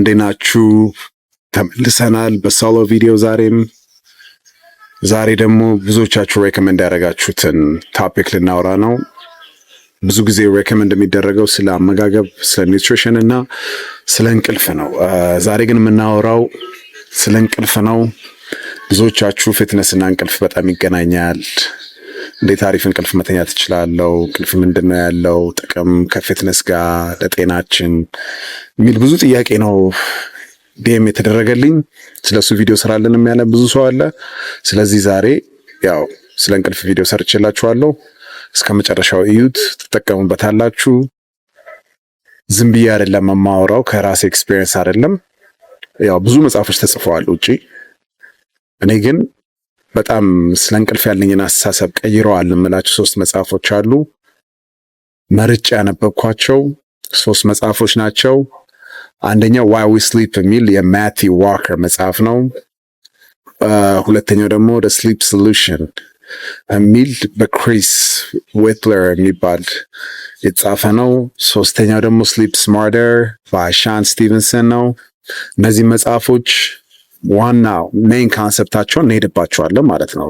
እንዴናችሁ? ተመልሰናል በሶሎ ቪዲዮ ዛሬም። ዛሬ ደግሞ ብዙዎቻችሁ ሬኮመንድ ያደረጋችሁትን ታፒክ ልናወራ ነው። ብዙ ጊዜ ሬኮመንድ የሚደረገው ስለ አመጋገብ፣ ስለ ኒውትሪሽን እና ስለ እንቅልፍ ነው። ዛሬ ግን የምናወራው ስለ እንቅልፍ ነው። ብዙዎቻችሁ ፊትነስ እና እንቅልፍ በጣም ይገናኛል እንዴት አሪፍ እንቅልፍ መተኛ ትችላለው? ቅልፍ ምንድን ነው ያለው ጥቅም ከፊትነስ ጋር ለጤናችን የሚል ብዙ ጥያቄ ነው ዲኤም የተደረገልኝ። ስለሱ ቪዲዮ ስራልን የሚያነ ብዙ ሰው አለ። ስለዚህ ዛሬ ያው ስለ እንቅልፍ ቪዲዮ ሰርችላችኋለሁ። እስከ መጨረሻው እዩት፣ ትጠቀሙበታላችሁ። ዝም ብዬ አይደለም የማወራው፣ ከራሴ ኤክስፔሪየንስ አይደለም። ያው ብዙ መጽሐፎች ተጽፈዋል ውጪ እኔ ግን በጣም ስለ እንቅልፍ ያለኝን አስተሳሰብ ቀይረዋል የምላቸው ሶስት መጽሐፎች አሉ። መርጬ ያነበብኳቸው ሶስት መጽሐፎች ናቸው። አንደኛው ዋይ ዊ ስሊፕ የሚል የማቲው ዋከር መጽሐፍ ነው። ሁለተኛው ደግሞ ደ ስሊፕ ሶሉሽን የሚል በክሪስ ዌትለር የሚባል የተጻፈ ነው። ሶስተኛው ደግሞ ስሊፕ ስማርተር በአሻን ስቲቨንሰን ነው። እነዚህ መጽሐፎች ዋና ሜይን ካንሰፕታቸውን እንሄድባቸዋለን ማለት ነው።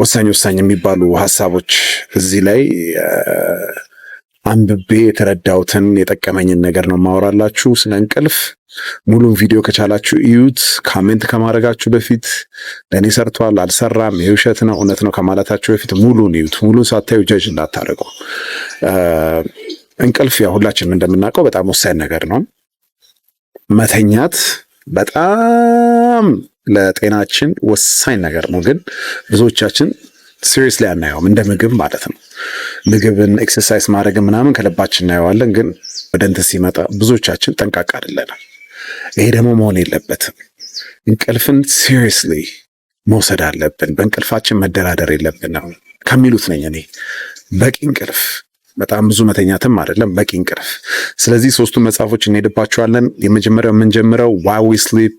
ወሳኝ ወሳኝ የሚባሉ ሀሳቦች እዚህ ላይ አንብቤ የተረዳሁትን የጠቀመኝን ነገር ነው ማወራላችሁ። ስለ እንቅልፍ ሙሉን ቪዲዮ ከቻላችሁ እዩት። ካሜንት ከማድረጋችሁ በፊት ለእኔ ሰርቷል አልሰራም፣ የውሸት ነው እውነት ነው ከማለታችሁ በፊት ሙሉን እዩት። ሙሉን ሳታዩ ጀጅ እንዳታደርጉ። እንቅልፍ ያው ሁላችንም እንደምናውቀው በጣም ወሳኝ ነገር ነው። መተኛት በጣም ለጤናችን ወሳኝ ነገር ነው። ግን ብዙዎቻችን ሲሪየስሊ አናየውም፣ እንደ ምግብ ማለት ነው። ምግብን ኤክሰርሳይዝ ማድረግን ምናምን ከልባችን እናየዋለን፣ ግን ወደ እንትን ሲመጣ ብዙዎቻችን ጠንቃቃ አይደለንም። ይሄ ደግሞ መሆን የለበትም። እንቅልፍን ሲሪየስሊ መውሰድ አለብን። በእንቅልፋችን መደራደር የለብንም ከሚሉት ነኝ እኔ በቂ እንቅልፍ በጣም ብዙ መተኛትም አይደለም በቂ እንቅልፍ። ስለዚህ ሶስቱ መጽሐፎች እንሄድባቸዋለን። የመጀመሪያው የምንጀምረው ዋይ ዊ ስሊፕ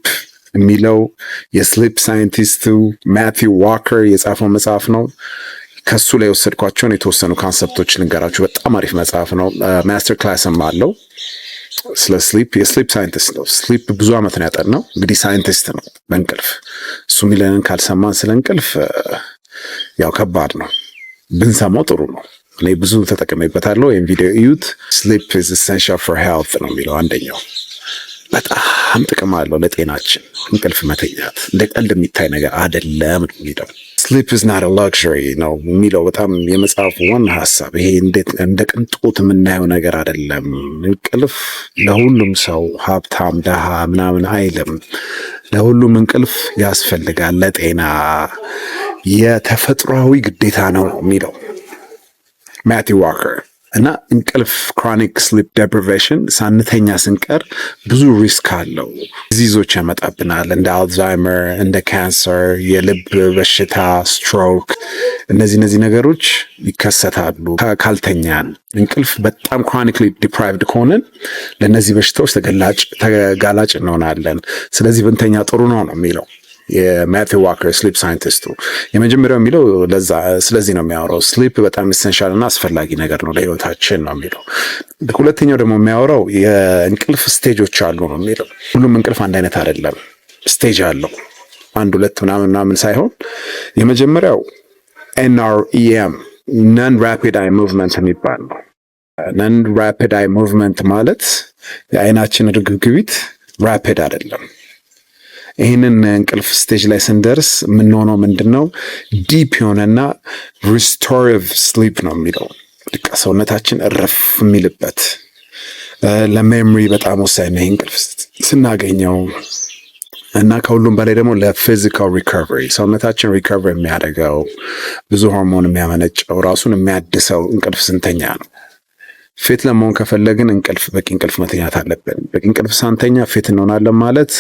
የሚለው የስሊፕ ሳይንቲስቱ ማቲው ዋከር የጻፈው መጽሐፍ ነው። ከሱ ላይ የወሰድኳቸውን የተወሰኑ ካንሰፕቶች ልንገራችሁ። በጣም አሪፍ መጽሐፍ ነው። ማስተር ክላስም አለው ስለ ስሊፕ። የስሊፕ ሳይንቲስት ነው። ስሊፕ ብዙ ዓመት ነው ያጠናው። እንግዲህ ሳይንቲስት ነው በእንቅልፍ። እሱ የሚለንን ካልሰማን ስለ እንቅልፍ ያው ከባድ ነው። ብንሰማው ጥሩ ነው። እኔ ብዙ ተጠቅሜበታለሁ። ወይም ቪዲዮ እዩት። ስሊፕ ኢዝ ኢሰንሻል ፎር ሄልት ነው የሚለው አንደኛው። በጣም ጥቅም አለው ለጤናችን። እንቅልፍ መተኛት እንደ ቀልድ የሚታይ ነገር አይደለም የሚለው ስሊፕ ኢዝ ናት ላክሪ ነው የሚለው በጣም የመጽሐፉ ዋና ሀሳብ ይሄ እንደ ቅንጦት የምናየው ነገር አደለም። እንቅልፍ ለሁሉም ሰው ሀብታም፣ ደሃ ምናምን አይልም። ለሁሉም እንቅልፍ ያስፈልጋል። ለጤና የተፈጥሯዊ ግዴታ ነው የሚለው ማቲ ዋከር እና እንቅልፍ ክሮኒክ ስሊፕ ዴፕሪቬሽን ሳንተኛ ስንቀር ብዙ ሪስክ አለው። ዲዚዞች ያመጣብናል፣ እንደ አልዛይመር፣ እንደ ካንሰር፣ የልብ በሽታ፣ ስትሮክ። እነዚህ እነዚህ ነገሮች ይከሰታሉ ካልተኛን። እንቅልፍ በጣም ክሮኒክሊ ዲፕራይቭድ ከሆንን ለእነዚህ በሽታዎች ተጋላጭ እንሆናለን። ስለዚህ ብንተኛ ጥሩ ነው ነው የሚለው የማቲው ዋከር ስሊፕ ሳይንቲስቱ የመጀመሪያው የሚለው ለዛ ስለዚህ ነው የሚያወራው ስሊፕ በጣም ኢሰንሻል እና አስፈላጊ ነገር ነው ለህይወታችን ነው የሚለው። ሁለተኛው ደግሞ የሚያወራው የእንቅልፍ ስቴጆች አሉ ነው የሚለው። ሁሉም እንቅልፍ አንድ አይነት አይደለም፣ ስቴጅ አለው አንድ ሁለት ምናምን ምናምን ሳይሆን የመጀመሪያው ኤንአርኢኤም ነን ራፒድ አይ ሙቭመንት የሚባል ነው። ነን ራፒድ አይ ሙቭመንት ማለት የአይናችን ርግብግቢት ራፒድ አይደለም። ይህንን እንቅልፍ ስቴጅ ላይ ስንደርስ የምንሆነው ምንድን ነው? ዲፕ የሆነና ሪስቶሪቭ ስሊፕ ነው የሚለው በቃ ሰውነታችን እረፍ የሚልበት ለሜሞሪ በጣም ወሳኝ ነው ይህ እንቅልፍ ስናገኘው እና ከሁሉም በላይ ደግሞ ለፊዚካል ሪካቨሪ ሰውነታችን ሪካቨሪ የሚያደርገው ብዙ ሆርሞን የሚያመነጨው ራሱን የሚያድሰው እንቅልፍ ስንተኛ ነው። ፊት ለመሆን ከፈለግን እንቅልፍ በቂ እንቅልፍ መተኛት አለብን። በቂ እንቅልፍ ሳንተኛ ፊት እንሆናለን ማለት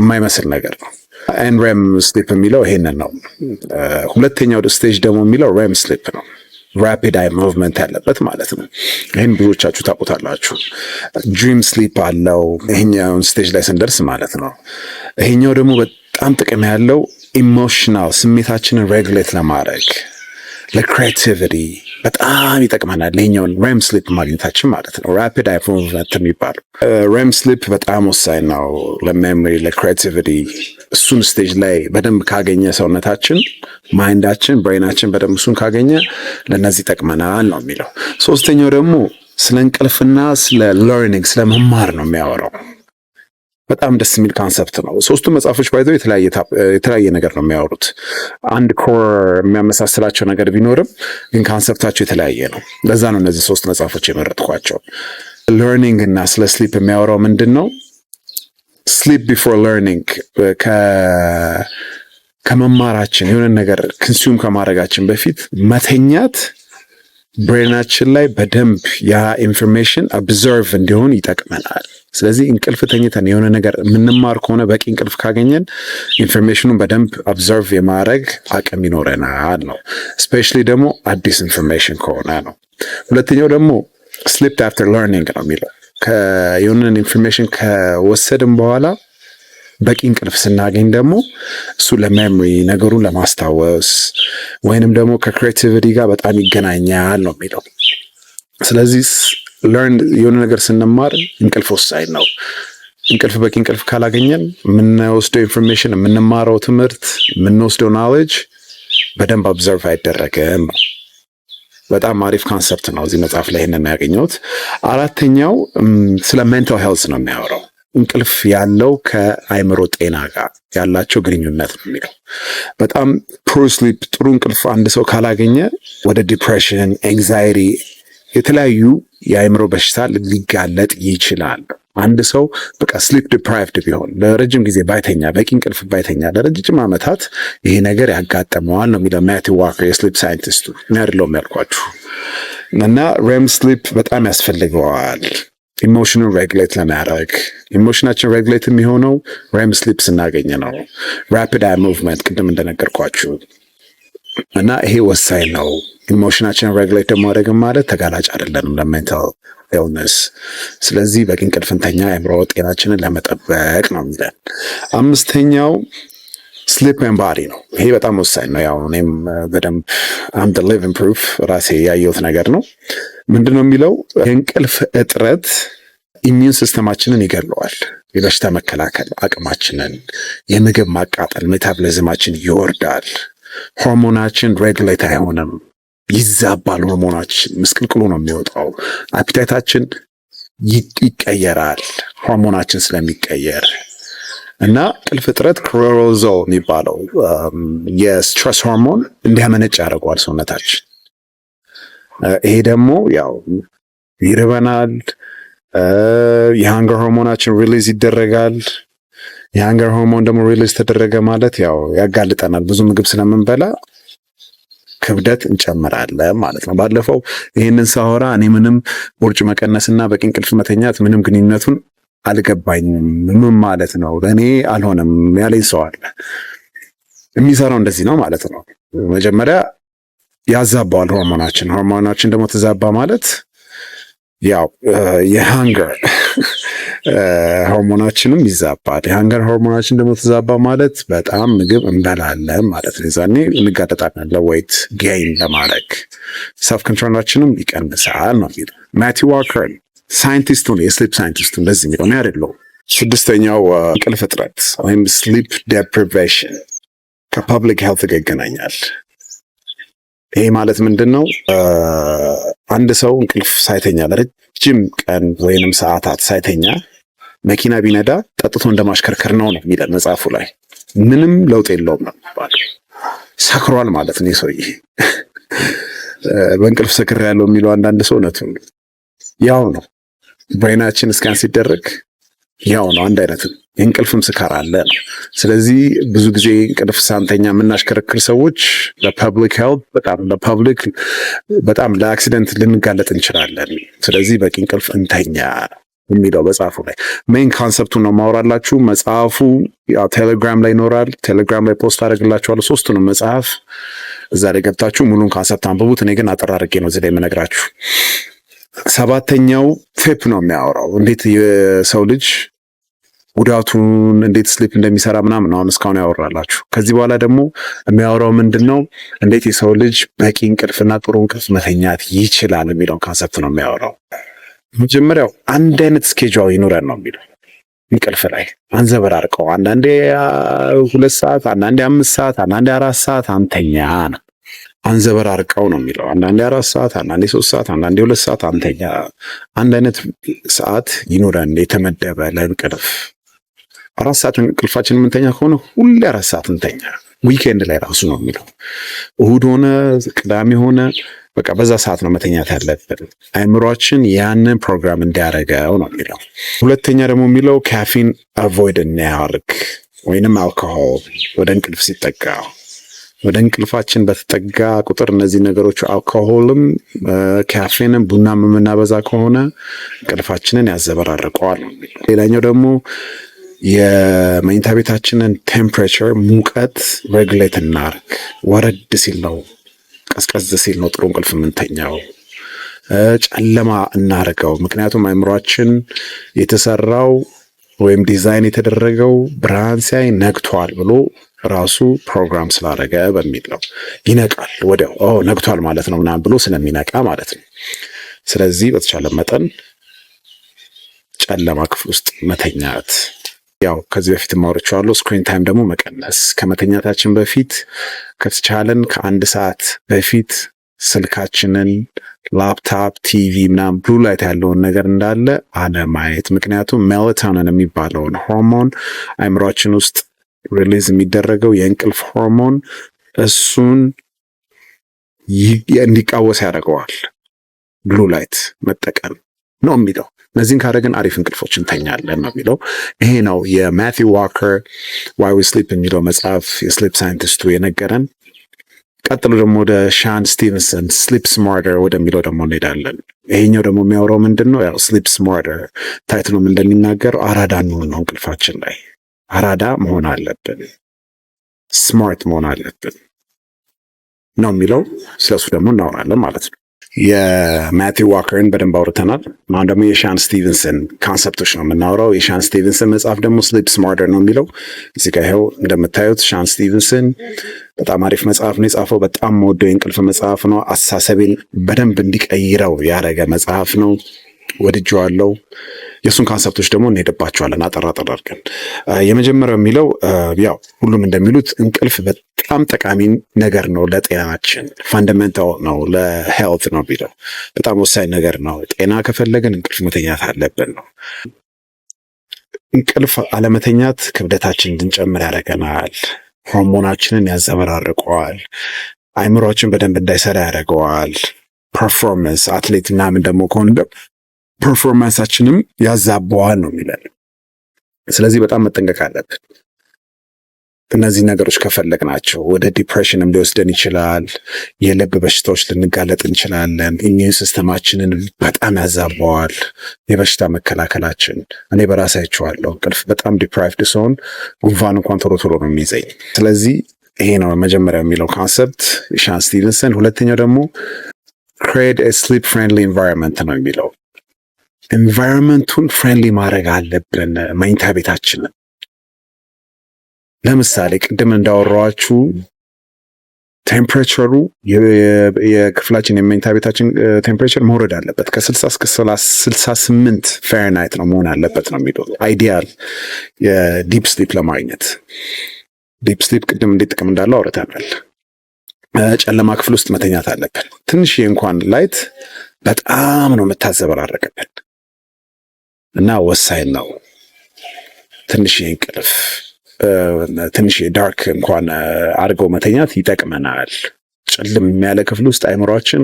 የማይመስል ነገር ነው። ኤን ሬም ስሊፕ የሚለው ይሄንን ነው። ሁለተኛው ስቴጅ ደግሞ የሚለው ሬም ስሊፕ ነው። ራፒድ አይ ሙቭመንት ያለበት ማለት ነው። ይህን ብዙዎቻችሁ ታውቁታላችሁ። ድሪም ስሊፕ አለው ይሄኛውን ስቴጅ ላይ ስንደርስ ማለት ነው። ይሄኛው ደግሞ በጣም ጥቅም ያለው ኢሞሽናል ስሜታችንን ሬግሌት ለማድረግ ለክሬቲቪቲ በጣም ይጠቅመናል። ይሄኛውን ሬም ስሊፕ ማግኘታችን ማለት ነው። ራፒድ አይ ሙቭመንት የሚባለው ሬም ስሊፕ በጣም ወሳኝ ነው ለሜሞሪ፣ ለክሬቲቪቲ። እሱን ስቴጅ ላይ በደንብ ካገኘ ሰውነታችን፣ ማይንዳችን፣ ብሬናችን በደንብ እሱን ካገኘ ለእነዚህ ይጠቅመናል ነው የሚለው። ሶስተኛው ደግሞ ስለ እንቅልፍና ስለ ለርኒንግ ስለ መማር ነው የሚያወራው በጣም ደስ የሚል ካንሰፕት ነው። ሶስቱም መጽሐፎች ባይዘ የተለያየ ነገር ነው የሚያወሩት። አንድ ኮር የሚያመሳስላቸው ነገር ቢኖርም ግን ካንሰፕታቸው የተለያየ ነው። ለዛ ነው እነዚህ ሶስት መጽሐፎች የመረጥኳቸው። ለርኒንግ እና ስለ ስሊፕ የሚያወራው ምንድን ነው? ስሊፕ ቢፎር ለርኒንግ ከመማራችን የሆነን ነገር ክንሱም ከማድረጋችን በፊት መተኛት ብሬናችን ላይ በደንብ ያ ኢንፎርሜሽን አብዘርቭ እንዲሆን ይጠቅመናል። ስለዚህ እንቅልፍ ተኝተን የሆነ ነገር የምንማር ከሆነ በቂ እንቅልፍ ካገኘን ኢንፎርሜሽኑን በደንብ ኦብዘርቭ የማድረግ አቅም ይኖረናል ነው። ስፔሻሊ ደግሞ አዲስ ኢንፎርሜሽን ከሆነ ነው። ሁለተኛው ደግሞ ስሊፕ አፍተር ለርኒንግ ነው የሚለው የሆነን ኢንፎርሜሽን ከወሰድን በኋላ በቂ እንቅልፍ ስናገኝ ደግሞ እሱ ለሜሞሪ ነገሩን ለማስታወስ ወይንም ደግሞ ከክሬቲቪቲ ጋር በጣም ይገናኛል ነው የሚለው ስለዚህ ለርን የሆነ ነገር ስንማር እንቅልፍ ወሳኝ ነው። እንቅልፍ በቂ እንቅልፍ ካላገኘን የምንወስደው ኢንፎርሜሽን፣ የምንማረው ትምህርት፣ የምንወስደው ናሌጅ በደንብ አብዘርቭ አይደረግም። በጣም አሪፍ ካንሰፕት ነው። እዚህ መጽሐፍ ላይ ይህንን ያገኘሁት። አራተኛው ስለ ሜንታል ሄልስ ነው የሚያወራው። እንቅልፍ ያለው ከአይምሮ ጤና ጋር ያላቸው ግንኙነት ነው የሚለው። በጣም ፑር ስሊፕ ጥሩ እንቅልፍ አንድ ሰው ካላገኘ ወደ ዲፕሬሽን፣ ኤንግዛይቲ የተለያዩ የአእምሮ በሽታ ሊጋለጥ ይችላል። አንድ ሰው በቃ ስሊፕ ዲፕራይቭድ ቢሆን ለረጅም ጊዜ ባይተኛ፣ በቂ እንቅልፍ ባይተኛ ለረጅም ዓመታት ይሄ ነገር ያጋጠመዋል ነው የሚለው ማቲው ዋከር የስሊፕ ሳይንቲስቱ። እኔ ያልኳችሁ እና ሬም ስሊፕ በጣም ያስፈልገዋል ኢሞሽኑን ሬግሌት ለማድረግ ኢሞሽናችን ሬግሌት የሚሆነው ሬም ስሊፕ ስናገኝ ነው። ራፒድ አይ ሙቭመንት ቅድም እንደነገርኳችሁ እና ይሄ ወሳኝ ነው። ኢሞሽናችን ሬግሌት ደግሞ ማድረግም ማለት ተጋላጭ አይደለንም ለሜንታል ኤልነስ። ስለዚህ በቂ እንቅልፍ እንተኛ የአእምሮ ጤናችንን ለመጠበቅ ነው የሚለን። አምስተኛው ስሊፕ ኤንድ ባዲ ነው። ይሄ በጣም ወሳኝ ነው። ያው እኔም በደንብ አም ዘ ሊቪንግ ፕሩፍ ራሴ ያየሁት ነገር ነው። ምንድን ነው የሚለው የእንቅልፍ እጥረት ኢሚዩን ሲስተማችንን ይገለዋል። የበሽታ መከላከል አቅማችንን፣ የምግብ ማቃጠል ሜታቦሊዝማችን ይወርዳል። ሆርሞናችን ሬጉሌት አይሆንም፣ ይዛባል። ሆርሞናችን ምስቅልቅሉ ነው የሚወጣው። አፒታይታችን ይቀየራል፣ ሆርሞናችን ስለሚቀየር እና ቅል ፍጥረት ክሮሮዞ የሚባለው የስትረስ ሆርሞን እንዲያመነጭ ያደርገዋል ሰውነታችን። ይሄ ደግሞ ያው ይርበናል፣ የሃንገር ሆርሞናችን ሪሊዝ ይደረጋል። የሃንገር ሆርሞን ደግሞ ሪሊዝ ተደረገ ማለት ያው ያጋልጠናል። ብዙ ምግብ ስለምንበላ ክብደት እንጨምራለን ማለት ነው። ባለፈው ይህንን ሳወራ እኔ ምንም ውርጭ መቀነስና በቂ እንቅልፍ መተኛት ምንም ግንኙነቱን አልገባኝም። ምን ማለት ነው? እኔ አልሆነም ያለኝ ሰው አለ። የሚሰራው እንደዚህ ነው ማለት ነው። መጀመሪያ ያዛባዋል ሆርሞናችን። ሆርሞናችን ደግሞ ተዛባ ማለት ያው የሃንገር ሆርሞናችንም ይዛባል። የሀንገር ሆርሞናችን ደግሞ ተዛባ ማለት በጣም ምግብ እንበላለን ማለት ነው። ዛኔ እንጋለጣለን ለወይት ጌይን ለማድረግ ሰልፍ ኮንትሮላችንም ይቀንሳል ነው የሚለው ማቲ ዋከር ሳይንቲስቱ የስሊፕ ሳይንቲስቱ እንደዚህ የሚለው ነው ያደለው። ስድስተኛው እንቅልፍ እጥረት ወይም ስሊፕ ዴፕሪቬሽን ከፐብሊክ ሄልት ጋር ይገናኛል። ይሄ ማለት ምንድን ነው? አንድ ሰው እንቅልፍ ሳይተኛ ለረጅም እችም ቀን ወይንም ሰዓታት ሳይተኛ መኪና ቢነዳ ጠጥቶ እንደማሽከርከር ነው ነው የሚለን መጽሐፉ ላይ። ምንም ለውጥ የለውም ነው ሰክሯል ማለት ነው ሰውዬ። በእንቅልፍ ሰክር ያለው የሚለው አንዳንድ ሰው እውነቱ ያው ነው። ብሬናችን እስካን ሲደረግ ያው ነው አንድ አይነት የእንቅልፍም ስካር አለ። ስለዚህ ብዙ ጊዜ እንቅልፍ ሳንተኛ የምናሽከረክር ሰዎች ለፐብሊክ ሄልት በጣም ለፐብሊክ በጣም ለአክሲደንት ልንጋለጥ እንችላለን። ስለዚህ በቂ እንቅልፍ እንተኛ የሚለው መጽሐፉ ላይ ሜይን ካንሰፕቱን ነው ማውራላችሁ። መጽሐፉ ቴሌግራም ላይ ይኖራል። ቴሌግራም ላይ ፖስት አደርግላችኋለሁ። ሶስቱንም መጽሐፍ እዛ ላይ ገብታችሁ ሙሉን ካንሰፕት አንብቡት። እኔ ግን አጠር አድርጌ ነው እዚህ ላይ የምነግራችሁ። ሰባተኛው ቴፕ ነው የሚያወራው እንዴት የሰው ልጅ ጉዳቱን እንዴት ስሊፕ እንደሚሰራ ምናምን አሁን እስካሁን ያወራላችሁ። ከዚህ በኋላ ደግሞ የሚያወራው ምንድን ነው፣ እንዴት የሰው ልጅ በቂ እንቅልፍና ጥሩ እንቅልፍ መተኛት ይችላል የሚለውን ካንሰፕት ነው የሚያወራው። መጀመሪያው አንድ አይነት ስኬጁል ይኑረን ነው የሚለው እንቅልፍ ላይ አንዘበራርቀው፣ አንዳንዴ ሁለት ሰዓት፣ አንዳንዴ አምስት ሰዓት፣ አንዳንዴ አራት ሰዓት አንተኛ ነው አንዘበራርቀው ነው የሚለው። አንዳንዴ አራት ሰዓት፣ አንዳንዴ ሶስት ሰዓት፣ አንዳንዴ ሁለት ሰዓት አንተኛ። አንድ አይነት ሰዓት ይኑረን የተመደበ ለእንቅልፍ አራት ሰዓት እንቅልፋችን የምንተኛ ከሆነ ሁሌ አራት ሰዓት እንተኛ። ዊኬንድ ላይ ራሱ ነው የሚለው እሁድ ሆነ ቅዳሜ ሆነ በቃ በዛ ሰዓት ነው መተኛት ያለብን፣ አይምሯችን ያንን ፕሮግራም እንዲያደርገው ነው የሚለው። ሁለተኛ ደግሞ የሚለው ካፊን አቮይድ እናያርግ ወይንም አልኮሆል ወደ እንቅልፍ ሲጠጋ ወደ እንቅልፋችን በተጠጋ ቁጥር እነዚህ ነገሮች አልኮሆልም፣ ካፌንም፣ ቡናም የምናበዛ ከሆነ እንቅልፋችንን ያዘበራርቀዋል። ሌላኛው ደግሞ የመኝታ ቤታችንን ቴምፕሬቸር ሙቀት ሬግሌት እናርግ። ወረድ ሲል ነው ቀዝቀዝ ሲል ነው ጥሩ እንቅልፍ የምንተኛው። ጨለማ እናርገው። ምክንያቱም አእምሯችን የተሰራው ወይም ዲዛይን የተደረገው ብርሃን ሲያይ ነግቷል ብሎ ራሱ ፕሮግራም ስላደረገ በሚል ነው። ይነቃል ወዲያው ነግቷል ማለት ነው ምናምን ብሎ ስለሚነቃ ማለት ነው። ስለዚህ በተቻለ መጠን ጨለማ ክፍል ውስጥ መተኛት ያው ከዚህ በፊት አሉ ስክሪን ታይም ደግሞ መቀነስ፣ ከመተኛታችን በፊት ከተቻለን ከአንድ ሰዓት በፊት ስልካችንን፣ ላፕታፕ፣ ቲቪ ምናምን ብሉ ላይት ያለውን ነገር እንዳለ አለማየት። ምክንያቱም ሜላቶኒን የሚባለውን ሆርሞን አይምሯችን ውስጥ ሪሊዝ የሚደረገው የእንቅልፍ ሆርሞን እሱን እንዲቃወስ ያደርገዋል ብሉ ላይት መጠቀም ነው የሚለው። እነዚህን ካደረግን አሪፍ እንቅልፎች እንተኛለን ነው የሚለው። ይሄ ነው የማቲው ዋከር ዋይ ዊ ስሊፕ የሚለው መጽሐፍ የስሊፕ ሳይንቲስቱ የነገረን። ቀጥሎ ደግሞ ወደ ሻን ስቲቨንሰን ስሊፕ ስማርተር ወደሚለው ደግሞ እንሄዳለን። ይሄኛው ደግሞ የሚያወራው ምንድን ነው? ያው ስሊፕ ስማርተር ታይትሉም እንደሚናገረው አራዳ እንሆን ነው። እንቅልፋችን ላይ አራዳ መሆን አለብን፣ ስማርት መሆን አለብን ነው የሚለው። ስለሱ ደግሞ እናወራለን ማለት ነው። የማቲው ዋከርን በደንብ አውርተናል። አሁን ደግሞ የሻን ስቲቨንሰን ካንሰፕቶች ነው የምናውረው። የሻን ስቲቨንሰን መጽሐፍ ደግሞ ስሊፕ ስማርተር ነው የሚለው። እዚህ ጋ ይኸው እንደምታዩት ሻን ስቲቨንሰን በጣም አሪፍ መጽሐፍ ነው የጻፈው። በጣም መወደው የእንቅልፍ መጽሐፍ ነው። አሳሰቤን በደንብ እንዲቀይረው ያደረገ መጽሐፍ ነው። ወድጀዋለው። የእሱን ካንሰፕቶች ደግሞ እንሄድባቸዋለን አጠር አጠር አድርገን። የመጀመሪያው የሚለው ያው ሁሉም እንደሚሉት እንቅልፍ በጣም ጠቃሚ ነገር ነው፣ ለጤናችን ፋንደመንታል ነው፣ ለሄልት ነው ቢለው በጣም ወሳኝ ነገር ነው። ጤና ከፈለግን እንቅልፍ መተኛት አለብን ነው እንቅልፍ አለመተኛት ክብደታችን እንድንጨምር ያደርገናል። ሆርሞናችንን ያዘበራርቀዋል። አይምሯችን በደንብ እንዳይሰራ ያደርገዋል። ፐርፎርመንስ አትሌት ምናምን ደግሞ ከሆን ፐርፎርማንሳችንም ያዛበዋል ነው የሚለን። ስለዚህ በጣም መጠንቀቅ አለብን። እነዚህ ነገሮች ከፈለግናቸው ወደ ዲፕሬሽንም ሊወስደን ይችላል። የልብ በሽታዎች ልንጋለጥ እንችላለን። ኢሚዩን ሲስተማችንን በጣም ያዛባዋል። የበሽታ መከላከላችን እኔ በራሴ አይቼዋለሁ። እንቅልፍ በጣም ዲፕራይቭድ ሲሆን ጉንፋን እንኳን ቶሎ ቶሎ ነው የሚይዘኝ። ስለዚህ ይሄ ነው መጀመሪያ የሚለው ኮንሰፕት ሻን ስቲቨንሰን። ሁለተኛው ደግሞ ክሬድ ስሊፕ ፍሬንድሊ ኢንቫይሮንመንት ነው የሚለው ኤንቫይሮንመንቱን ፍሬንድሊ ማድረግ አለብን መኝታ ቤታችንን። ለምሳሌ ቅድም እንዳወራኋችሁ ቴምፕሬቸሩ የክፍላችን የመኝታ ቤታችን ቴምፕሬቸር መውረድ አለበት። ከ60 እስከ 68 ፌርናይት ነው መሆን አለበት ነው የሚለው አይዲያል የዲፕ ስሊፕ ለማግኘት። ዲፕ ስሊፕ ቅድም እንዴት ጥቅም እንዳለው አውርተናል። ጨለማ ክፍል ውስጥ መተኛት አለብን። ትንሽ እንኳን ላይት በጣም ነው የምታዘበራረቅብን። እና ወሳኝ ነው። ትንሽ እንቅልፍ ትንሽ ዳርክ እንኳን አድርገው መተኛት ይጠቅመናል። ጨልም ያለ ክፍል ውስጥ አይምሯችን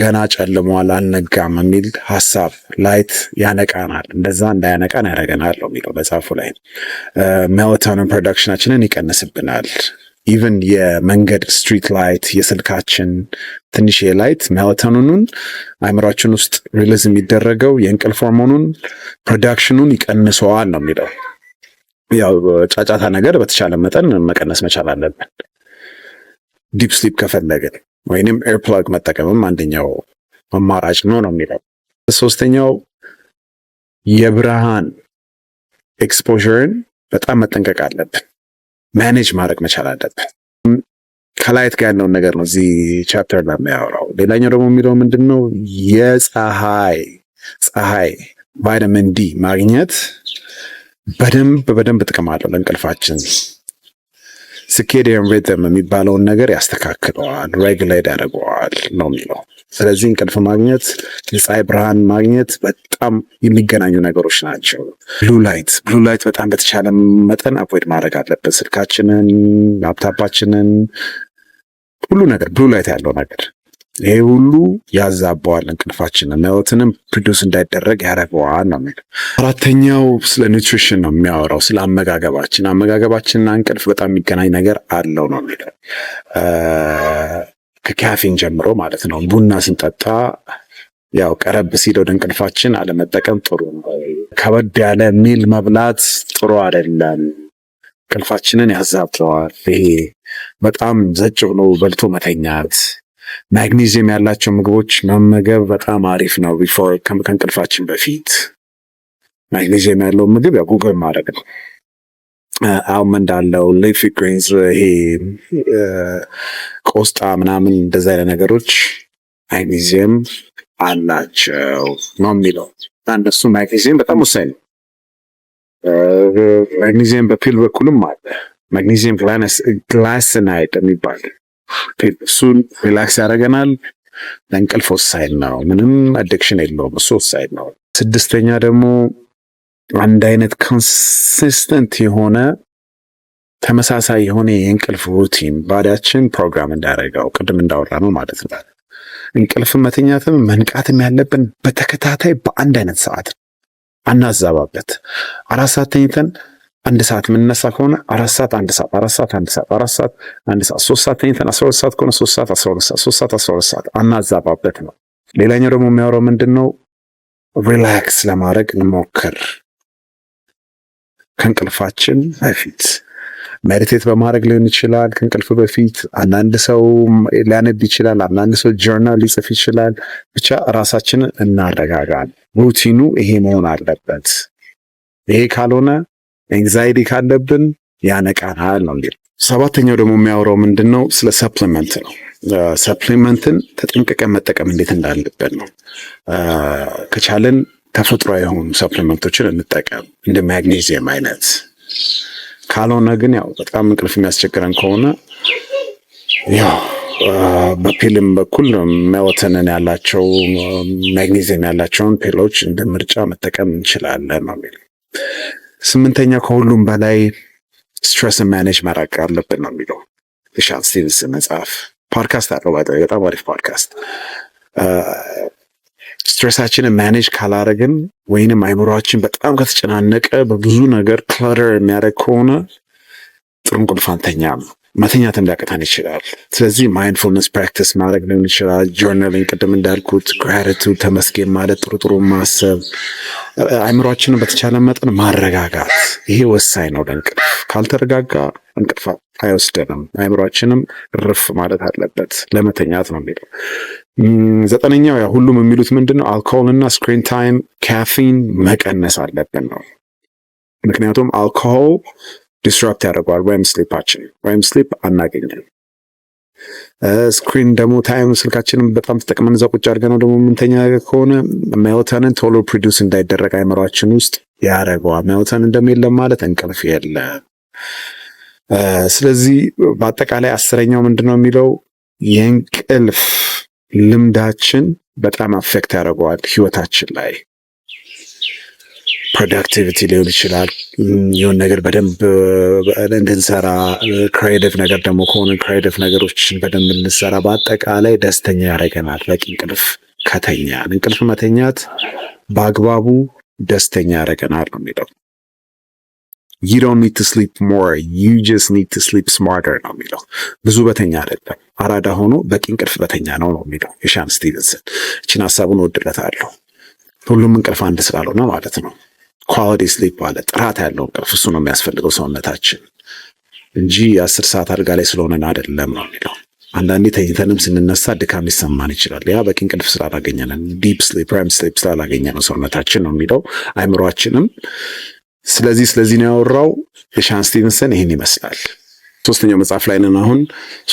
ገና ጨልሟል አልነጋም የሚል ሀሳብ ላይት ያነቃናል። እንደዛ እንዳያነቃን ያደረገናል ነው የሚለው መጽሐፉ ላይ። ሜላቶኒን ፕሮዳክሽናችንን ይቀንስብናል። ኢቨን የመንገድ ስትሪት ላይት የስልካችን ትንሽ ላይት ሜላቶኒኑን አእምሯችን ውስጥ ሪሊዝ የሚደረገው የእንቅልፍ ሆርሞኑን ፕሮዳክሽኑን ይቀንሰዋል ነው የሚለው። ያው ጫጫታ ነገር በተቻለ መጠን መቀነስ መቻል አለብን፣ ዲፕ ስሊፕ ከፈለግን ወይንም ኤርፕላግ መጠቀምም አንደኛው አማራጭ ነው ነው የሚለው። ሶስተኛው የብርሃን ኤክስፖዥርን በጣም መጠንቀቅ አለብን። ማኔጅ ማድረግ መቻል አለብን። ከላይት ጋር ያለውን ነገር ነው እዚህ ቻፕተር ላይ የሚያወራው። ሌላኛው ደግሞ የሚለው ምንድን ነው የፀሐይ ፀሐይ ቫይታሚን ዲ ማግኘት በደንብ በደንብ ጥቅም አለው ለእንቅልፋችን ስኬዲየን ሪትም የሚባለውን ነገር ያስተካክለዋል፣ ሬጉሌት ያደርገዋል ነው የሚለው። ስለዚህ እንቅልፍ ማግኘት፣ የፀሐይ ብርሃን ማግኘት በጣም የሚገናኙ ነገሮች ናቸው። ብሉ ላይት ብሉ ላይት በጣም በተቻለ መጠን አቮይድ ማድረግ አለብን። ስልካችንን፣ ላፕታፓችንን፣ ሁሉ ነገር ብሉ ላይት ያለው ነገር ይሄ ሁሉ ያዛበዋል እንቅልፋችንን፣ ህይወትንም ፕሮዲውስ እንዳይደረግ ያደረገዋል ነው የሚለው። አራተኛው ስለ ኒውትሪሽን ነው የሚያወራው፣ ስለ አመጋገባችን። አመጋገባችንና እንቅልፍ በጣም የሚገናኝ ነገር አለው ነው የሚለው። ከካፌን ጀምሮ ማለት ነው። ቡና ስንጠጣ ያው ቀረብ ሲል ወደ እንቅልፋችን አለመጠቀም ጥሩ ነው። ከበድ ያለ ሚል መብላት ጥሩ አይደለም፣ እንቅልፋችንን ያዛብተዋል። ይሄ በጣም ዘጭ ብሎ በልቶ መተኛት፣ ማግኒዚየም ያላቸው ምግቦች መመገብ በጣም አሪፍ ነው። ቢፎር ከእንቅልፋችን በፊት ማግኒዚየም ያለውን ምግብ ያው ጉግል ማድረግ ነው። አሁን እንዳለው ሊፊ ግሪንስ ይሄ ቆስጣ ምናምን እንደዚ አይነት ነገሮች ማግኒዚየም አላቸው ነው የሚለው እና እነሱ ማግኒዚየም በጣም ወሳኝ ነው። ማግኒዚየም በፒል በኩልም አለ ማግኒዚየም ግላስናይድ የሚባል እሱን ሪላክስ ያደርገናል። ለእንቅልፍ ወሳኝ ነው። ምንም አዲክሽን የለውም። እሱ ወሳኝ ነው። ስድስተኛ ደግሞ አንድ አይነት ኮንሲስተንት የሆነ ተመሳሳይ የሆነ የእንቅልፍ ሩቲን ባዳችን ፕሮግራም እንዳደረገው ቅድም እንዳወራ ነው ማለት ነው። እንቅልፍ መተኛትም መንቃትም ያለብን በተከታታይ በአንድ አይነት ሰዓት አናዛባበት። አራት ሰዓት ተኝተን አንድ ሰዓት የምንነሳ ከሆነ አራት ሰዓት አንድ ሰዓት አራት ሰዓት አንድ ሰዓት አራት ሰዓት አንድ ሰዓት ሶስት ሰዓት ተኝተን አስራ ሁለት ሰዓት ከሆነ ሶስት ሰዓት አስራ ሁለት ሰዓት ሶስት ሰዓት አስራ ሁለት ሰዓት አናዛባበት ነው። ሌላኛው ደግሞ የሚያወራው ምንድን ነው? ሪላክስ ለማድረግ እንሞክር። ከእንቅልፋችን በፊት ሜዲቴት በማድረግ ሊሆን ይችላል። ከእንቅልፍ በፊት አንዳንድ ሰው ሊያነብ ይችላል። አንዳንድ ሰው ጆርናል ሊጽፍ ይችላል። ብቻ ራሳችንን እናረጋጋል። ሩቲኑ ይሄ መሆን አለበት። ይሄ ካልሆነ ኤንግዛይቲ ካለብን ያነቃናል ነው እንግዲህ። ሰባተኛው ደግሞ የሚያወራው ምንድን ነው? ስለ ሰፕሊመንት ነው። ሰፕሊመንትን ተጠንቅቀን መጠቀም እንዴት እንዳለብን ነው። ከቻለን ተፈጥሮ የሆኑ ሰፕሊመንቶችን እንጠቀም እንደ ማግኔዚየም አይነት። ካልሆነ ግን ያው በጣም እንቅልፍ የሚያስቸግረን ከሆነ ያው በፒልም በኩል ሜላቶኒን ያላቸው ማግኔዚየም ያላቸውን ፒሎች እንደ ምርጫ መጠቀም እንችላለን ነው የሚለው። ስምንተኛ ከሁሉም በላይ ስትረስን ማኔጅ ማድረግ አለብን ነው የሚለው የሻን ስቲቭንስ መጽሐፍ። ፖድካስት አለው በጣም አሪፍ ፖድካስት ስትሬሳችንን ማኔጅ ካላረግን ወይንም አይምሯችን በጣም ከተጨናነቀ በብዙ ነገር ክለር የሚያደርግ ከሆነ ጥሩ እንቅልፍ አንተኛም፣ መተኛት እንዳያቅተን ይችላል። ስለዚህ ማይንድፉልነስ ፕራክቲስ ማድረግ ሊሆን ይችላል። ጆርናሊንግ፣ ቅድም እንዳልኩት ግራቲቱድ፣ ተመስገን ማለት፣ ጥሩ ጥሩ ማሰብ፣ አይምሯችንን በተቻለ መጠን ማረጋጋት፣ ይሄ ወሳኝ ነው ለእንቅልፍ። ካልተረጋጋ እንቅልፍ አይወስደንም። አይምሯችንም ርፍ ማለት አለበት ለመተኛት ነው የሚለው ዘጠነኛው ያ ሁሉም የሚሉት ምንድን ነው አልኮሆል እና ስክሪን ታይም ካፊን መቀነስ አለብን ነው። ምክንያቱም አልኮሆል ዲስራፕት ያደርገዋል ወይም ስሊፓችን ወይም ስሊፕ አናገኝም። ስክሪን ደግሞ ታይም ስልካችንን በጣም ተጠቅመን እዛ ቁጭ ነው ደግሞ የምንተኛ ከሆነ ሜልተንን ቶሎ ፕሮዲውስ እንዳይደረግ አይምሯችን ውስጥ ያደርገዋል። ሜላቶኒን ደግሞ የለም ማለት እንቅልፍ የለም። ስለዚህ በአጠቃላይ አስረኛው ምንድን ነው የሚለው የእንቅልፍ ልምዳችን በጣም አፌክት ያደርገዋል ህይወታችን ላይ ፕሮዳክቲቪቲ ሊሆን ይችላል። የሆን ነገር በደንብ እንድንሰራ ክሬቲቭ ነገር ደግሞ ከሆነ ክሬቲቭ ነገሮችን በደንብ እንድንሰራ፣ በአጠቃላይ ደስተኛ ያደረገናል በቂ እንቅልፍ ከተኛን እንቅልፍ መተኛት በአግባቡ ደስተኛ ያደረገናል ነው የሚለው። ዩ ዶንት ኒድ ቱ ስሊፕ ሞር ዩ ጀስት ኒድ ቱ ስሊፕ ስማርተር ነው የሚለው። ብዙ በተኛ አይደለም አራዳ ሆኖ በቂ እንቅልፍ በተኛ ነው ነው የሚለው የሻን ስቲቨንሰን። እችን ሀሳቡን እወድለታለሁ። ሁሉም እንቅልፍ አንድ ስላልሆነ ማለት ነው። ኳሊቲ ስሊፕ አለ ጥራት ያለው እንቅልፍ፣ እሱ ነው የሚያስፈልገው ሰውነታችን እንጂ አስር ሰዓት አልጋ ላይ ስለሆነን አይደለም ነው የሚለው። አንዳንዴ ተኝተንም ስንነሳ ድካም ሊሰማን ይችላል። ያ በቂ እንቅልፍ ስላላገኘን ዲፕ ስሊፕ ፕራይም ስሊፕ ስላላገኘ ነው ሰውነታችን ነው የሚለው አይምሯችንም ስለዚህ ስለዚህ ነው ያወራው። የሻን ስቲቨንሰን ይህን ይመስላል። ሶስተኛው መጽሐፍ ላይ ነን አሁን።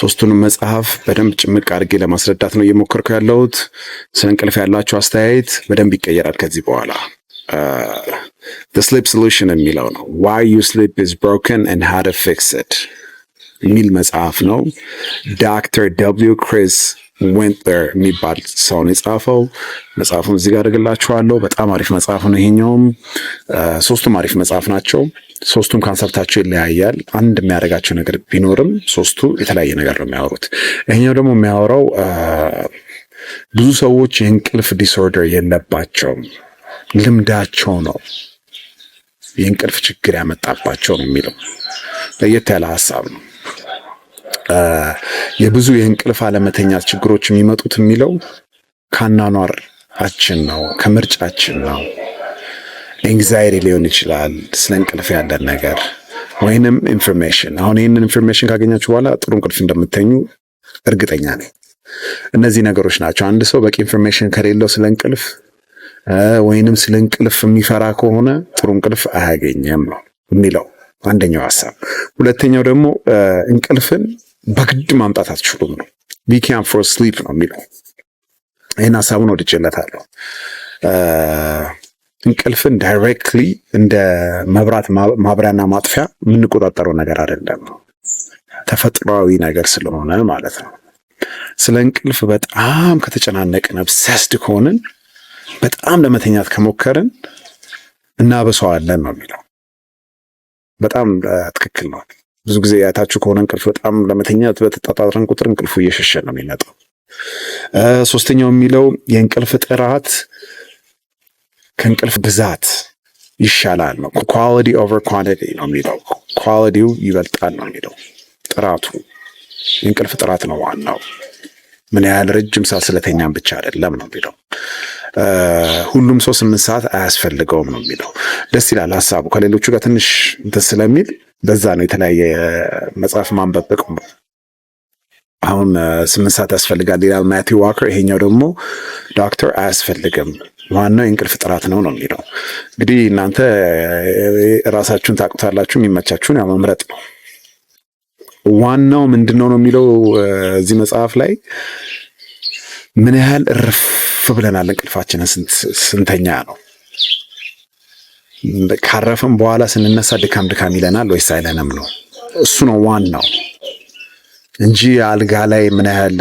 ሶስቱንም መጽሐፍ በደንብ ጭምቅ አድርጌ ለማስረዳት ነው እየሞከርኩ ያለሁት። ስለ እንቅልፍ ያላችሁ አስተያየት በደንብ ይቀየራል ከዚህ በኋላ። ስሊፕ ሶሉሽን የሚለው ነው። ዋይ ዩ ስሊፕ ኢዝ ብሮከን ኤንድ ሃው ቱ ፊክስ ኢት የሚል መጽሐፍ ነው። ዶክተር ደብሊው ክሪስ ዌንት ዜር የሚባል ነው የጻፈው መጽሐፉን እዚህ ጋር አድርግላችኋለሁ። በጣም አሪፍ መጽሐፍ ነው ይሄኛውም። ሶስቱም አሪፍ መጽሐፍ ናቸው። ሶስቱም ካንሰፕታቸው ይለያያል። አንድ የሚያደርጋቸው ነገር ቢኖርም ሶስቱ የተለያየ ነገር ነው የሚያወሩት። ይሄኛው ደግሞ የሚያወራው ብዙ ሰዎች የእንቅልፍ ዲስኦርደር የለባቸውም፣ ልምዳቸው ነው የእንቅልፍ ችግር ያመጣባቸው ነው የሚለው ለየት ያለ ሀሳብ ነው። የብዙ የእንቅልፍ አለመተኛት ችግሮች የሚመጡት የሚለው ከአኗኗራችን ነው፣ ከምርጫችን ነው። ኤንግዛይሪ ሊሆን ይችላል ስለ እንቅልፍ ያለን ነገር ወይንም ኢንፎርሜሽን። አሁን ይህንን ኢንፎርሜሽን ካገኛችሁ በኋላ ጥሩ እንቅልፍ እንደምተኙ እርግጠኛ ነኝ። እነዚህ ነገሮች ናቸው። አንድ ሰው በቂ ኢንፎርሜሽን ከሌለው ስለ እንቅልፍ ወይንም ስለ እንቅልፍ የሚፈራ ከሆነ ጥሩ እንቅልፍ አያገኘም ነው የሚለው። አንደኛው ሀሳብ። ሁለተኛው ደግሞ እንቅልፍን በግድ ማምጣት አትችሉም ነው። ዊ ካን ፎር ስሊፕ ነው የሚለው። ይህን ሀሳቡን ወድጄለታለሁ። እንቅልፍን ዳይሬክትሊ እንደ መብራት ማብሪያና ማጥፊያ የምንቆጣጠረው ነገር አይደለም፣ ተፈጥሯዊ ነገር ስለሆነ ማለት ነው። ስለ እንቅልፍ በጣም ከተጨናነቅን፣ ኦብሰስድ ከሆንን፣ በጣም ለመተኛት ከሞከርን እናበሰዋለን ነው የሚለው በጣም ትክክል ነው። ብዙ ጊዜ ያታችሁ ከሆነ እንቅልፍ በጣም ለመተኛት በተጣጣረን ቁጥር እንቅልፉ እየሸሸ ነው የሚመጣው። ሶስተኛው የሚለው የእንቅልፍ ጥራት ከእንቅልፍ ብዛት ይሻላል ነው። ኳሊቲ ኦቨር ኳንቲቲ ነው የሚለው። ኳሊቲው ይበልጣል ነው የሚለው። ጥራቱ የእንቅልፍ ጥራት ነው ዋናው። ምን ያህል ረጅም ሰዓት ስለተኛም ብቻ አይደለም ነው የሚለው። ሁሉም ሰው ስምንት ሰዓት አያስፈልገውም ነው የሚለው። ደስ ይላል ሀሳቡ ከሌሎቹ ጋር ትንሽ እንትን ስለሚል በዛ ነው የተለያየ መጽሐፍ ማንበብ ጥቅሙ። አሁን ስምንት ሰዓት ያስፈልጋል ይላል ማቲው ዋከር፣ ይሄኛው ደግሞ ዶክተር አያስፈልግም ዋናው የእንቅልፍ ጥራት ነው ነው የሚለው። እንግዲህ እናንተ ራሳችሁን ታቁታላችሁ የሚመቻችሁን ያው መምረጥ ነው። ዋናው ምንድን ነው ነው የሚለው እዚህ መጽሐፍ ላይ ምን ያህል እርፍ እፍ ብለናል። እንቅልፋችንን ስንተኛ ነው ካረፍን በኋላ ስንነሳ ድካም ድካም ይለናል ወይስ አይለንም ነው። እሱ ነው ዋናው እንጂ አልጋ ላይ ምን ያህል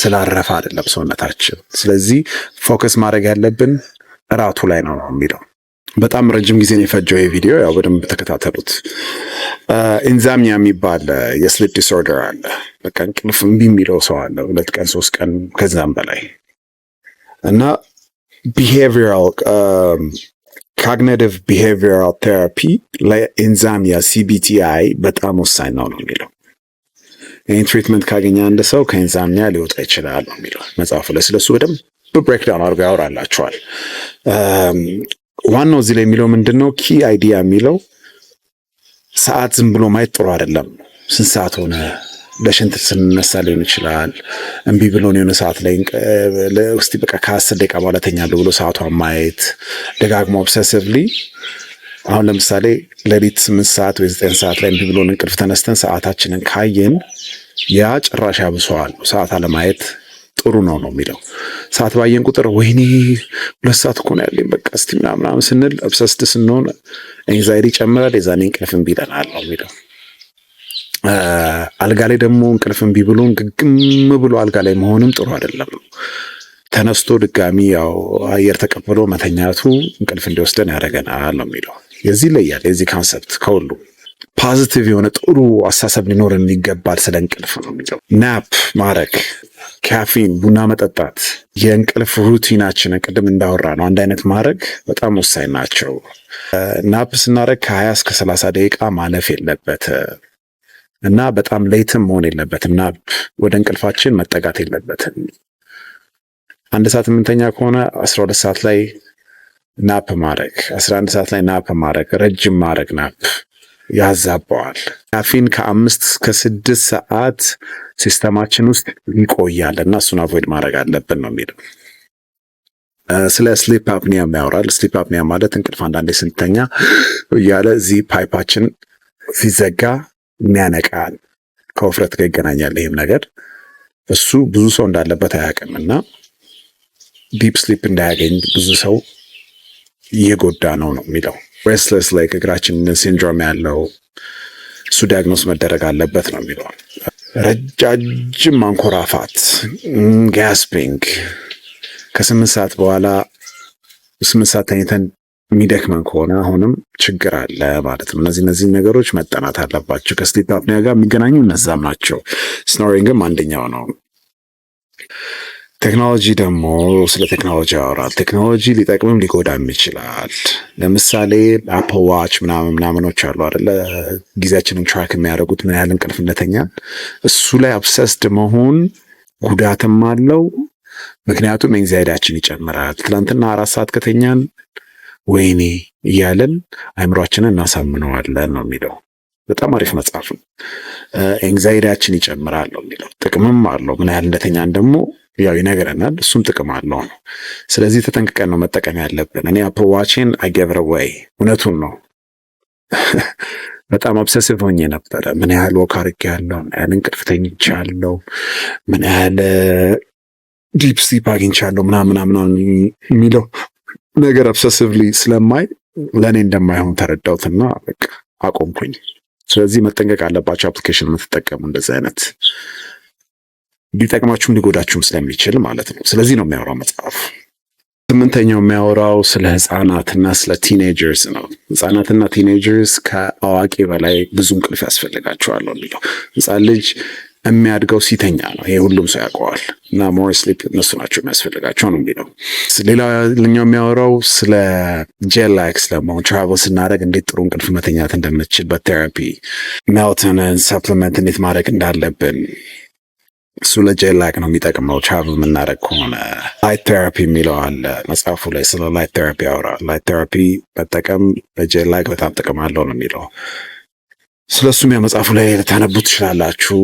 ስላረፈ አይደለም ሰውነታችን። ስለዚህ ፎከስ ማድረግ ያለብን እራቱ ላይ ነው ነው የሚለው። በጣም ረጅም ጊዜ ነው የፈጀው ይህ ቪዲዮ፣ ያው በደንብ ተከታተሉት። ኢንዛምያ የሚባል የስሊፕ ዲስኦርደር አለ። በቃ እንቅልፍ እምቢ የሚለው ሰው አለ፣ ሁለት ቀን ሶስት ቀን ከዛም በላይ እና ቢሄቪራል ካግኒቲቭ ቢሄቪራል ቴራፒ ለኢንዛሚያ ሲቢቲአይ በጣም ወሳኝ ነው ነው የሚለው ይህን ትሪትመንት ካገኘ አንድ ሰው ከኢንዛሚያ ሊወጣ ይችላል ነው የሚለው መጽሐፉ ላይ። ስለሱ በደንብ ብሬክዳውን አድርጎ ያወራላቸዋል። um, ዋናው እዚህ ላይ የሚለው ምንድን ነው? ኪ አይዲያ የሚለው ሰዓት ዝም ብሎ ማየት ጥሩ አይደለም። ስንት ሰዓት ሆነ ለሽንት ስንነሳ ሊሆን ይችላል። እምቢ ብሎን የሆነ ሰዓት ላይ እስቲ በቃ ከአስር ደቂቃ በኋላ እተኛለሁ ብሎ ሰዓቷን ማየት ደጋግሞ ኦብሰሲቭሊ። አሁን ለምሳሌ ሌሊት ስምንት ሰዓት ወይ ዘጠኝ ሰዓት ላይ እምቢ ብሎን እንቅልፍ ተነስተን ሰዓታችንን ካየን ያ ጭራሽ ያብሰዋል። ሰዓት አለማየት ጥሩ ነው ነው የሚለው ሰዓት ባየን ቁጥር ወይኔ ሁለት ሰዓት እኮ ነው ያለኝ በቃ እስቲ ምናምናም ስንል ኦብሰስድ ስንሆን ኤንዛይቲ ይጨምራል። የዛኔ እንቅልፍ እምቢ ይለናል ነው የሚለው አልጋ ላይ ደግሞ እንቅልፍ እምቢ ግግም ብሎ አልጋ ላይ መሆንም ጥሩ አይደለም። ተነስቶ ድጋሚ ያው አየር ተቀብሎ መተኛቱ እንቅልፍ እንዲወስደን ያደርገናል ነው የሚለው። የዚህ ይለያል የዚህ ካንሰፕት ከሁሉ ፖዚቲቭ የሆነ ጥሩ አሳሰብ ሊኖረን ይገባል ስለ እንቅልፍ ነው የሚለው። ናፕ ማረግ፣ ካፊን፣ ቡና መጠጣት፣ የእንቅልፍ ሩቲናችንን ቅድም እንዳወራ ነው አንድ አይነት ማድረግ በጣም ወሳኝ ናቸው። ናፕ ስናደረግ ከሀያ እስከ ሰላሳ ደቂቃ ማለፍ የለበትም። እና በጣም ሌትም መሆን የለበትም እና ወደ እንቅልፋችን መጠጋት የለበትም። አንድ ሰዓት ምንተኛ ከሆነ አስራ ሁለት ሰዓት ላይ ናፕ ማድረግ፣ አስራ አንድ ሰዓት ላይ ናፕ ማድረግ፣ ረጅም ማድረግ ናፕ ያዛባዋል። ካፊን ከአምስት እስከ ስድስት ሰዓት ሲስተማችን ውስጥ ይቆያል እና እሱን አቮይድ ማድረግ አለብን ነው የሚለው። ስለ ስሊፕ አፕኒያ ያወራል። ስሊፕ አፕኒያ ማለት እንቅልፍ አንዳንዴ ስንተኛ እያለ እዚህ ፓይፓችን ሲዘጋ የሚያነቃል። ከውፍረት ጋር ይገናኛል። ይህም ነገር እሱ ብዙ ሰው እንዳለበት አያውቅም እና ዲፕ ስሊፕ እንዳያገኝ ብዙ ሰው እየጎዳ ነው ነው የሚለው ሬስትለስ ላይ እግራችን ሲንድሮም ያለው እሱ ዲያግኖስ መደረግ አለበት ነው የሚለው። ረጃጅም ማንኮራፋት ጋስፒንግ፣ ከስምንት ሰዓት በኋላ ስምንት ሰዓት ተኝተን የሚደክመን ከሆነ አሁንም ችግር አለ ማለት ነው። እነዚህ እነዚህ ነገሮች መጠናት አለባቸው። ከስሌት አፕኒያ ጋር የሚገናኙ እነዛም ናቸው። ስኖሪንግም አንደኛው ነው። ቴክኖሎጂ ደግሞ ስለ ቴክኖሎጂ ያወራል። ቴክኖሎጂ ሊጠቅምም ሊጎዳም ይችላል። ለምሳሌ አፕል ዋች ምናምን ምናምኖች አሉ አደለ? ጊዜያችንን ትራክ የሚያደርጉት ምን ያህል እንቅልፍ እንደተኛን። እሱ ላይ አብሰስድ መሆን ጉዳትም አለው። ምክንያቱም ኤንግዛይዳችን ይጨምራል። ትላንትና አራት ሰዓት ከተኛን ወይኔ እያለን አይምሯችንን እናሳምነዋለን ነው የሚለው። በጣም አሪፍ መጽሐፍ ነው። ኤንግዛይቲያችን ይጨምራል ነው የሚለው። ጥቅምም አለው። ምን ያህል እንደተኛን ደግሞ ያው ይነግረናል። እሱም ጥቅም አለው ነው። ስለዚህ ተጠንቅቀን ነው መጠቀም ያለብን። እኔ አፕል ዋችን አገቨረ ወይ እውነቱን ነው። በጣም አብሰሲቭ ሆኜ ነበረ። ምን ያህል ወክ አድርጌያለሁ፣ ምን ያህል እንቅልፍ ተኝቻለሁ፣ ምን ያህል ዲፕ ስሊፕ አግኝቻለሁ ምናምን ምናምን የሚለው ነገር ኦብሰሲቭሊ ስለማይ ለእኔ እንደማይሆን ተረዳሁትና በቃ አቆምኩኝ። ስለዚህ መጠንቀቅ አለባቸው አፕሊኬሽን የምትጠቀሙ እንደዚህ አይነት ሊጠቅማችሁም ሊጎዳችሁም ስለሚችል ማለት ነው። ስለዚህ ነው የሚያወራው መጽሐፍ። ስምንተኛው የሚያወራው ስለ ህፃናትና ስለ ቲኔጀርስ ነው። ህፃናትና ቲኔጀርስ ከአዋቂ በላይ ብዙ እንቅልፍ ያስፈልጋቸዋል የሚለው ህፃን ልጅ የሚያድገው ሲተኛ ነው። ይሄ ሁሉም ሰው ያውቀዋል። እና ሞር ስሊፕ እነሱ ናቸው የሚያስፈልጋቸው ነው የሚለው። ሌላኛው የሚያወራው ስለ ጄላክ ደግሞ ትራቨል ስናደረግ እንዴት ጥሩ እንቅልፍ መተኛት እንደምችል በቴራፒ ሜልተንን ሰፕሊመንት እንዴት ማድረግ እንዳለብን እሱ ለጄላክ ነው የሚጠቅመው። ትራቭል የምናደረግ ከሆነ ላይት ቴራፒ የሚለው አለ መጽሐፉ ላይ ስለ ላይት ቴራፒ ያወራል። ላይት ቴራፒ መጠቀም ላግ በጣም ጥቅም አለው ነው የሚለው። ስለ እሱም ያው መጽሐፉ ላይ ልታነቡ ትችላላችሁ።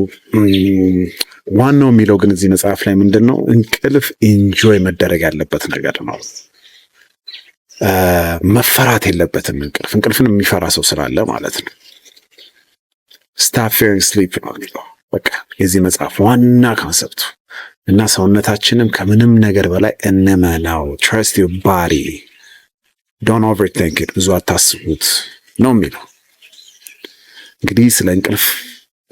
ዋናው የሚለው ግን እዚህ መጽሐፍ ላይ ምንድን ነው እንቅልፍ ኢንጆይ መደረግ ያለበት ነገር ነው። መፈራት የለበትም። እንቅልፍ እንቅልፍን የሚፈራ ሰው ስላለ ማለት ነው። ስታፕ ፌሪንግ ስሊፕ ነው የሚለው በቃ የዚህ መጽሐፍ ዋና ኮንሰፕቱ እና ሰውነታችንም ከምንም ነገር በላይ እንመናው። ትረስት ዮር ባዲ ዶንት ኦቨርቲንክ ብዙ አታስቡት ነው የሚለው እንግዲህ ስለ እንቅልፍ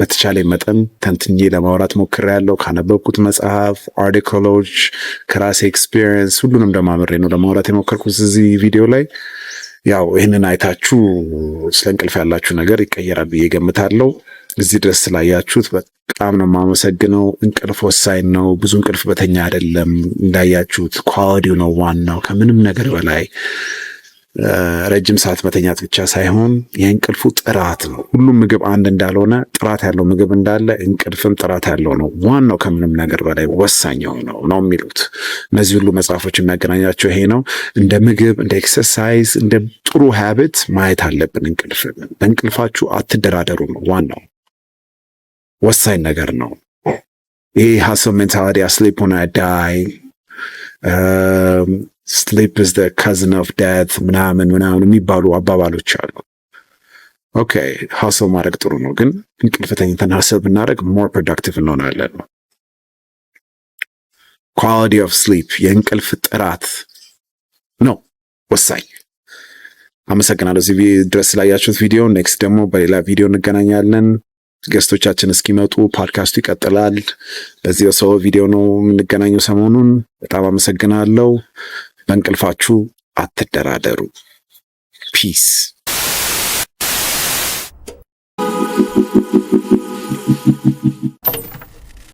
በተቻለ መጠን ተንትኜ ለማውራት ያለው ካነበብኩት መጽሐፍ፣ አርቲክሎች፣ ከራሴ ኤክስፒሪየንስ ሁሉንም ደማምሬ ነው ለማውራት የሞከርኩት እዚህ ቪዲዮ ላይ። ያው ይህንን አይታችሁ ስለ እንቅልፍ ያላችሁ ነገር ይቀየራል ብዬ ገምታለሁ። እዚህ ድረስ ስላያችሁት በጣም ነው የማመሰግነው። እንቅልፍ ወሳኝ ነው። ብዙ እንቅልፍ በተኛ አይደለም። እንዳያችሁት ኳሊቲው ነው ዋናው ከምንም ነገር በላይ ረጅም ሰዓት መተኛት ብቻ ሳይሆን የእንቅልፉ ጥራት ነው። ሁሉም ምግብ አንድ እንዳልሆነ ጥራት ያለው ምግብ እንዳለ እንቅልፍም ጥራት ያለው ነው። ዋናው ከምንም ነገር በላይ ወሳኝ ነው ነው የሚሉት እነዚህ ሁሉ መጽሐፎች የሚያገናኛቸው ይሄ ነው። እንደ ምግብ፣ እንደ ኤክሰርሳይዝ፣ እንደ ጥሩ ሀብት ማየት አለብን። እንቅልፍ በእንቅልፋችሁ አትደራደሩ ነው ዋናው ወሳኝ ነገር ነው። ይህ ሀሰብ ሜንታሊቲ አስሊፕ ሆነ ዳይ ስሊፕ ኢዝ ዘ ካዝን ኦፍ ዴት ምናምን ምናምን የሚባሉ አባባሎች አሉ። ኦኬ ሀሰል ማድረግ ጥሩ ነው፣ ግን እንቅልፍ ተኝተን ብናደረግ ሞር ፕሮዳክቲቭ እንሆናለን። ኳሊቲ ኦፍ ስሊፕ የእንቅልፍ ጥራት ነው ወሳኝ። አመሰግናለሁ እዚህ ድረስ ስላያችሁት ቪዲዮ። ኔክስት ደግሞ በሌላ ቪዲዮ እንገናኛለን። ገስቶቻችን እስኪመጡ ፖድካስቱ ይቀጥላል። በዚህ ሰው ቪዲዮ ነው የምንገናኘው ሰሞኑን። በጣም አመሰግናለሁ። በእንቅልፋችሁ አትደራደሩ። ፒስ